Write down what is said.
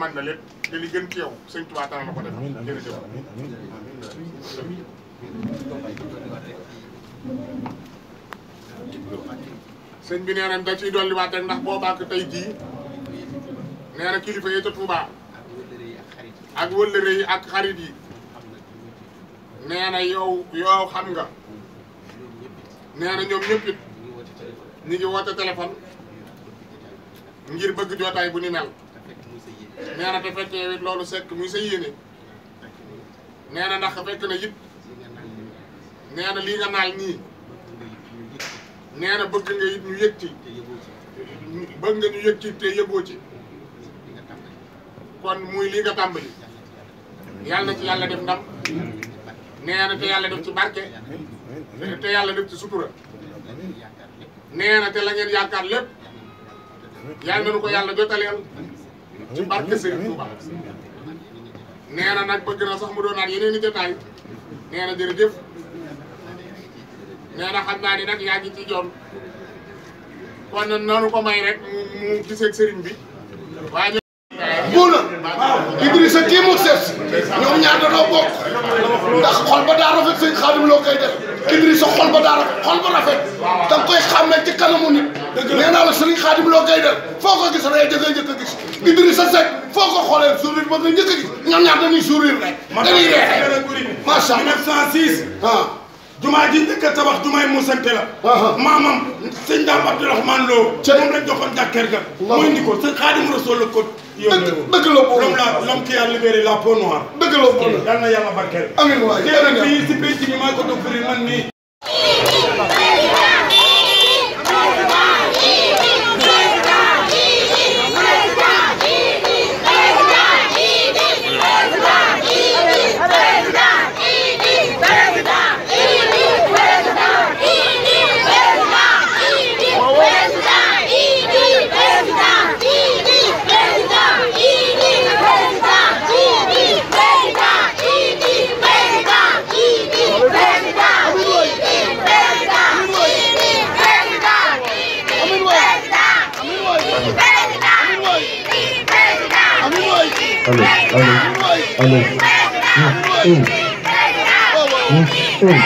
man na lépp te li gën ci yow sëñ Tuubaa dana la ko def jërëjëf sëñ bi nee nañ da ciy dolliwaat rek ndax boo bàkk tey jii nee kilifa yi ca Tuubaa ak wëllëre yi ak xarit yi yow yow xam nga ngi téléphone ngir bëgg bu ni mel nee na te fekk yow it loolu sekk muy sa yéene nee na fekk na yit nee lii nga naal nii nee na bëgg nga it ñu yëg ci te yëgoo ci kon muy lii nga tàmbali yàlla ci yàlla def ndam nee te yàlla def ci barke te yàlla def ci sutura nee na te la ngeen yaakaar lépp yàlla nu ko yàlla jotaleel ci barke Serigne Touba nee na nag bëgg na sax mu doonaat yeneen i jotaay nee na jërëjëf nee na xam naa ni nag yaa ngi ci joon kon nag noonu may rek mu mu gisee Serigne bi waaye buuna Idrissa kii sees ñoom ñaar dañoo bokk ndax xol ba daa rafet sëñ Xaadim loo koy def Idrissa xol ba daa xol ba rafet da nga koy xàmmee ci xaadim loo gay def foo ko gis rek da ngay njëkk a gis Idrissa Seck foo ko xoolee sourire ba nga njëkk a gis ñoom ñaar dañuy sourire rek dañuy reexee macha allah 1906 ah a tabax jumaay musante la maamam sëñ Daam Abdourahmane Lo moom lañ joxoon jàkkeer ga mu la ko a libéré la peau noire dëgg la boobu yal na yàlla barkeel あれあれあれうんうんうんうん